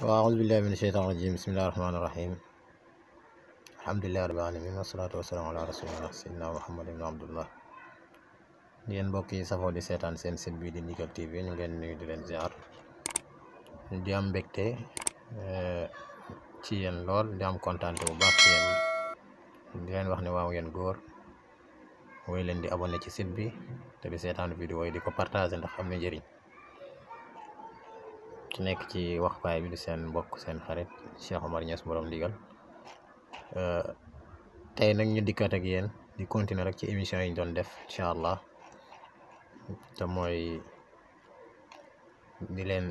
waaw auzu billahi min sheytaan rajim bismillahi rahmaani rahim alhamdulillahi rabbil alamin wasalaatu wasalaamu ala rasulillah sayyidina muhammad ibn abdullah yéen mbokk yi safoo di seetaan seen site bi di Ndigal TV ñu ngeen nu di leen ziar di am eh, ci yéen lool di am kontaan ci yéen di wax ne waaw yéen góor woy leen di abonné ci site bi te di seetaan vidéo yi di ko partagé ndax am na jariñ ci nekk ci waxtaay bi di seen mbokk seen xarit Cheikh Omar Niass borom ndigal euh, tey nag ñu dikkaat ak yéen di continuer rek ci émission yi ñu doon def incha allah ta mooy di leen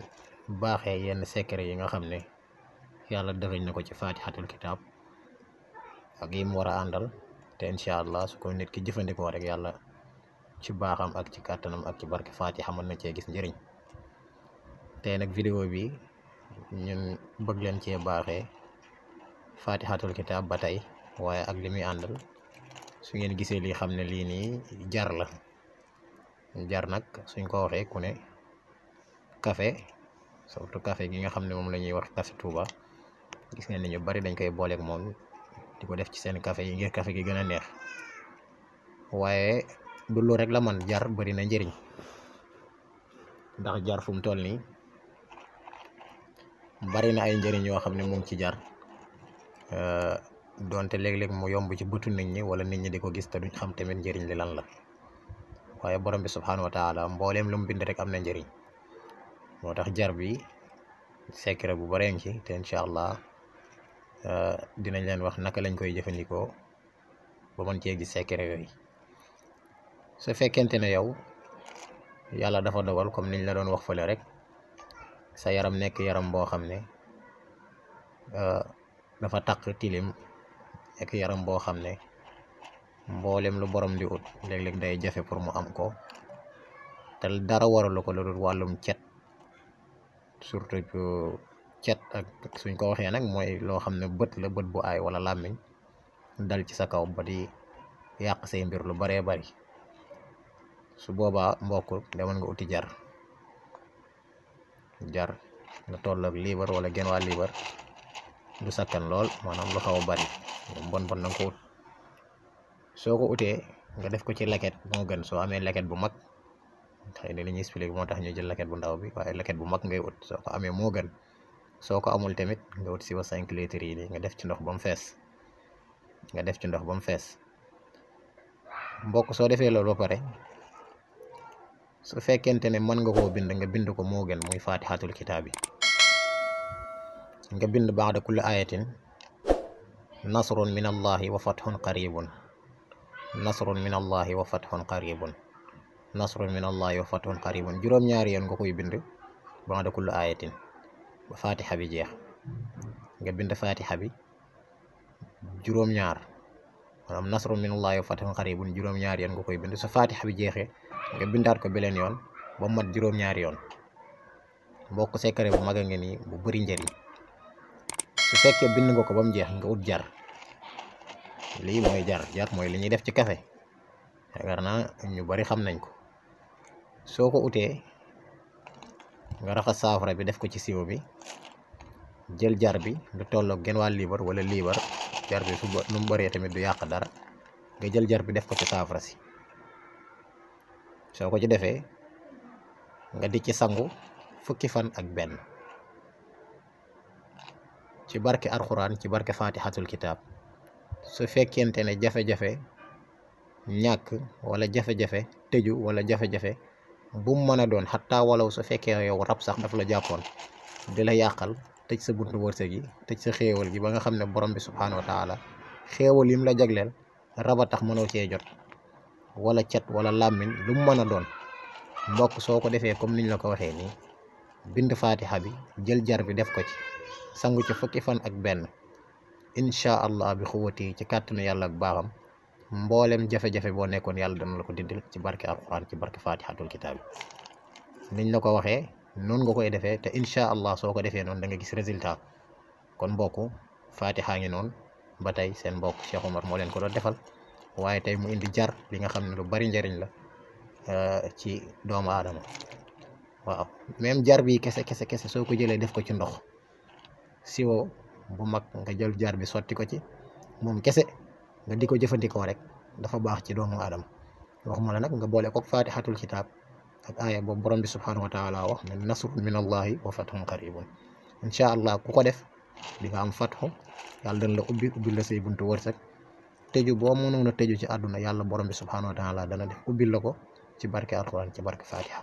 baaxee yenn secret yi nga xam ne yàlla defañ na ko ci faatixatul kitaab ak yi mu war a àndal te incha allah su ko nit ki jëfandikoo rek yàlla ci baaxam ak ci kàttanam ak ci barke faatixa mën na cee gis njëriñ tey nag vidéo bi ñun bëgg leen cee baaxee fatihatul kitab ba tey waaye ak li muy àndal su ngeen gisee lii xam ne lii nii jar la jar nag suñ ko waxee ku ne café surtout kafe gi nga xam ne moom la ñuy wax café Touba gis ngeen ne ñu bari dañ koy booleeg moom di ko def ci seen kafe yi ngir kafe gi gën a neex waaye du lu rek la man jar bari na njëriñ ndax jar fu mu toll nii bari na ay njëriñ yoo xam ne mu ngi ci jar euh, donte léeg-léeg mu yomb ci bëtu nit ñi wala nit ñi di ko gis te xam tamit njëriñ li lan la waaye borom bi subhaanahu wa taala mbooleem lu mu bind rek am na njariñ moo tax jar bi secret bu bare ngi ci te incha allah euh, dinañ leen wax naka lañ koy jëfandikoo ba mën cee gis secret yooyu su fekkente ne yow yàlla dafa dogal comme niñ la doon wax fële rek. sa yaram nekk yaram boo xam ne euh, dafa taq tilim nekk yaram boo xam ne mboolem lu borom di ut léeg-léeg day jafe pour mu am ko te dara waralu ko lu wàllum cet surtout cet ak suñ ko waxee nag mooy loo xam ne bët la bët bu aay wala làmmiñ dal ci sa kaw ba di yàq say mbir lu baree bari su boobaa mbokk demal nga uti jar jar na tolloog liibar wala genn waa liibar du sakkan lool maanaam lu xaw a bari bon bon na nga ko ut soo ko utee nga def ko ci laket moo gën soo amee leket bu mag xëy na li ñuy moo tax ñu jël leket bu ndaw bi waaye leket bu mag ngay ut soo ko amee moo gan soo ko amul tamit nga ut si wa cinq litres yi nga def ci ndox ba mu fees nga def ci ndox ba mu fees mbokk soo defee loolu ba pare su fekkente ne mën nga koo bind nga bind ko moo gën muy faatixatul kitaab yi nga bind ba'da kulli ayatin nasrun min allahi wa fathun qaribun nasrun min allahi wa fathun qaribun nasrun min allahi wa fathun qaribun juróom-ñaari yoon nga koy bind ba'da kulli ayatin ba faatixa bi jeex nga bind faatixa bi juróom-ñaar maanaam nasrun min allahi wa fathun qaribun juróom-ñaari yoon nga koy bind su faatixa bi jeexee nga bindaat ko beneen yoon ba mat juróom-ñaari yoon mbokk secret bu mag a ngi nii bu bari njariñ su fekkee bind nga ko ba mu jeex nga ut jar lii mooy jar jar mooy li ñuy def ci kafe yaakaar naa ñu bari xam nañ ko soo ko utee nga raxas saafara bi def ko ci siwo bi jël jar bi lu tolloog genn waa liibar wala liibar jar bi su nu mu bëree tamit du yàq dara nga jël jar bi def ko ci saafara si soo ko ci defee nga di ci sangu fukki fan ak benn ci barke alxuraan ci barke faatixatul kitaab su fekkente ne jafe-jafe ñàkk wala jafe-jafe tëju wala jafe-jafe bu mu mën a doon xataa walaw su fekkee yow rab sax daf la jàppoon di la yàqal tëj sa buntu wërsëg yi tëj sa xéewal gi ba nga xam ne borom bi subhaanahu wa xéewal yim la jagleel raba tax mënoo cee jot wala cat wala làmmiñ lu mu mën a doon mbokk soo ko defee comme niñ la ko waxee nii bind faatixa bi jël jar bi def ko ci sangu ci fukki fan ak benn incha allah bi xuwati ci kàttanu yàlla ak baaxam mboolem jafe-jafe boo nekkoon yàlla dana la ko dindil ci barke alquran ci barke faatixatul kitaab bi niñ la ko waxee noonu nga koy defee te incha allah soo ko defee noonu da gis résultat kon mbokk faatixa ngi noonu ba tey seen mbok Cheikh Omar moo leen ko doon defal waaye tey mu indi jar li nga xam ne lu bari njariñ la euh, ci doomu aadama waaw même jar bi kese kese kese soo ko jëlee def ko ci ndox si wo bu mag nga jël jar bi sotti ko ci moom kese nga di ko jëfandikoo rek dafa baax ci doomu aadama waxuma la nag nga boole ko faatixatul kitaab ak aaya boobu borom bi subhaanahu wa taala wax ne nasrun min allahi wa fathun qaribun incha allah ku ko def di nga am fatxu yàlla dañ la ubbi ubbi la say buntu wërsëg tëju boo mënoon a tëju ci àdduna yàlla borom bi subhanahu wa taala dana def ubbil la ko ci barke alxuraan ci barke fatiha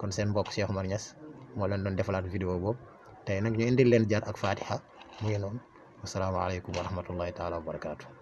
kon seen mbokk Cheikh Omar Niass moo leen doon defalaat vidéo boobu tey nag ñu indi leen jar ak fatiha mu ngi noonu wasalaamaaleykum wa taala wa